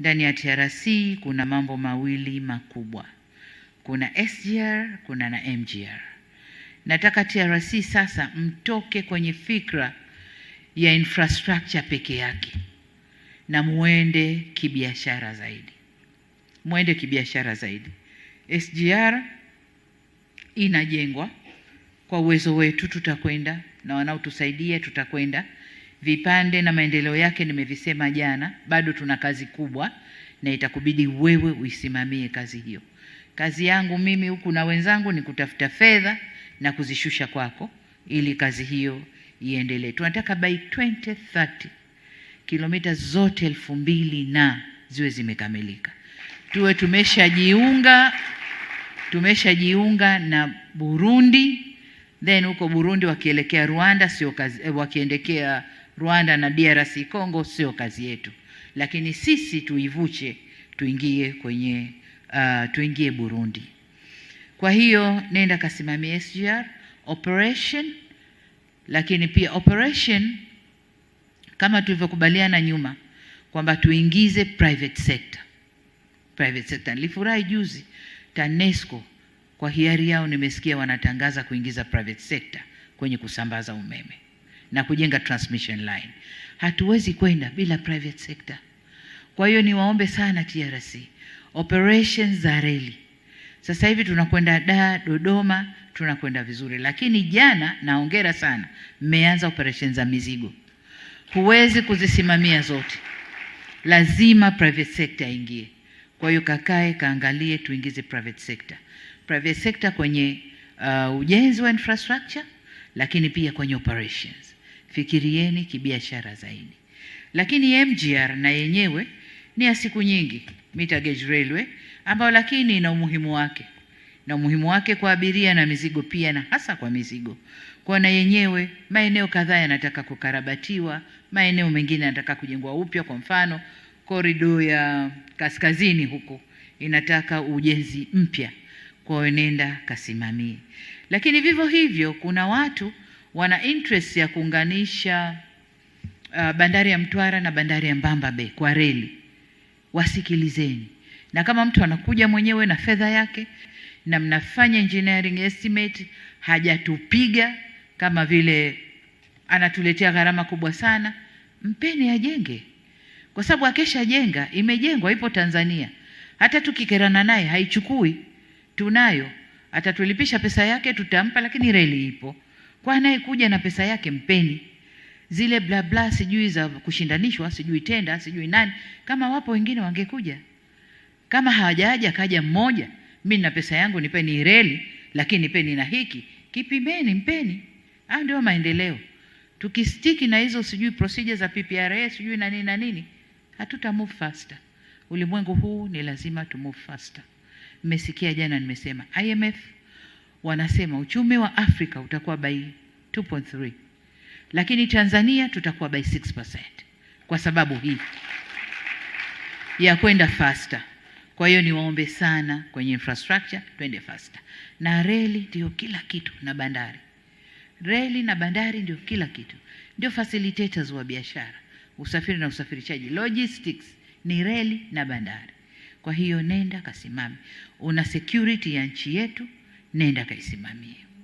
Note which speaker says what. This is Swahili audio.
Speaker 1: Ndani ya TRC kuna mambo mawili makubwa, kuna SGR, kuna na MGR. Nataka TRC sasa mtoke kwenye fikra ya infrastructure peke yake na muende kibiashara zaidi, muende kibiashara zaidi. SGR inajengwa kwa uwezo wetu, tutakwenda na wanaotusaidia tutakwenda Vipande na maendeleo yake nimevisema jana, bado tuna kazi kubwa na itakubidi wewe uisimamie kazi hiyo. Kazi yangu mimi huku na wenzangu ni kutafuta fedha na kuzishusha kwako ili kazi hiyo iendelee. Tunataka by 2030 kilomita zote elfu mbili na ziwe zimekamilika, tuwe tumeshajiunga tumeshajiunga na Burundi, then huko Burundi wakielekea Rwanda sio kazi, eh, wakiendekea Rwanda na DRC Congo sio kazi yetu, lakini sisi tuivuche tuingie kwenye uh, tuingie Burundi. Kwa hiyo nenda kasimamia SGR operation, lakini pia operation kama tulivyokubaliana nyuma kwamba tuingize private sector. Private sector nilifurahi juzi TANESCO kwa hiari yao nimesikia wanatangaza kuingiza private sector kwenye kusambaza umeme na kujenga transmission line. Hatuwezi kwenda bila private sector. Kwa hiyo niwaombe sana TRC, operations za reli sasa hivi tunakwenda da Dodoma, tunakwenda vizuri, lakini jana, na sana, mmeanza operations za mizigo. Huwezi kuzisimamia zote, lazima private sector aingie. Kwa hiyo kakae kaangalie, tuingize private sector, private sector kwenye uh, ujenzi wa infrastructure, lakini pia kwenye operations fikirieni kibiashara zaidi. Lakini MGR na yenyewe ni ya siku nyingi meter gauge railway, ambayo lakini ina umuhimu wake na umuhimu wake kwa abiria na mizigo pia, na hasa kwa mizigo kwa, na yenyewe maeneo kadhaa yanataka kukarabatiwa, maeneo mengine yanataka kujengwa upya. Kwa mfano korido ya kaskazini huko inataka ujenzi mpya, kwa nenda kasimamie. Lakini vivyo hivyo kuna watu wana interest ya kuunganisha uh, bandari ya Mtwara na bandari ya Mbamba Bay kwa reli, wasikilizeni. Na kama mtu anakuja mwenyewe na fedha yake na mnafanya engineering estimate, hajatupiga kama vile anatuletea gharama kubwa sana, mpeni ajenge, kwa sababu akesha jenga imejengwa, ipo Tanzania. Hata tukikerana naye haichukui, tunayo, atatulipisha pesa yake, tutampa, lakini reli ipo. Kwa anayekuja na pesa yake mpeni zile bla bla, sijui za kushindanishwa, sijui tenda, sijui nani. Kama wapo wengine wangekuja, kama hawajaja kaja mmoja, mimi na pesa yangu nipeni reli, lakini nipeni na hiki kipimeni, mpeni. Ah, ndio maendeleo. Tukistiki na hizo sijui procedure za PPRA sijui na nini na nini, hatuta move faster. Ulimwengu huu ni lazima tu move faster. Mmesikia jana nimesema IMF wanasema uchumi wa Afrika utakuwa by 2.3 lakini Tanzania tutakuwa by 6% kwa sababu hii ya kwenda faster. Kwa hiyo niwaombe sana kwenye infrastructure twende faster, na reli ndio kila kitu na bandari. Reli na bandari ndio kila kitu, ndio facilitators wa biashara, usafiri na usafirishaji. Logistics ni reli na bandari. Kwa hiyo nenda kasimame, una security ya nchi yetu nenda kaisimamie.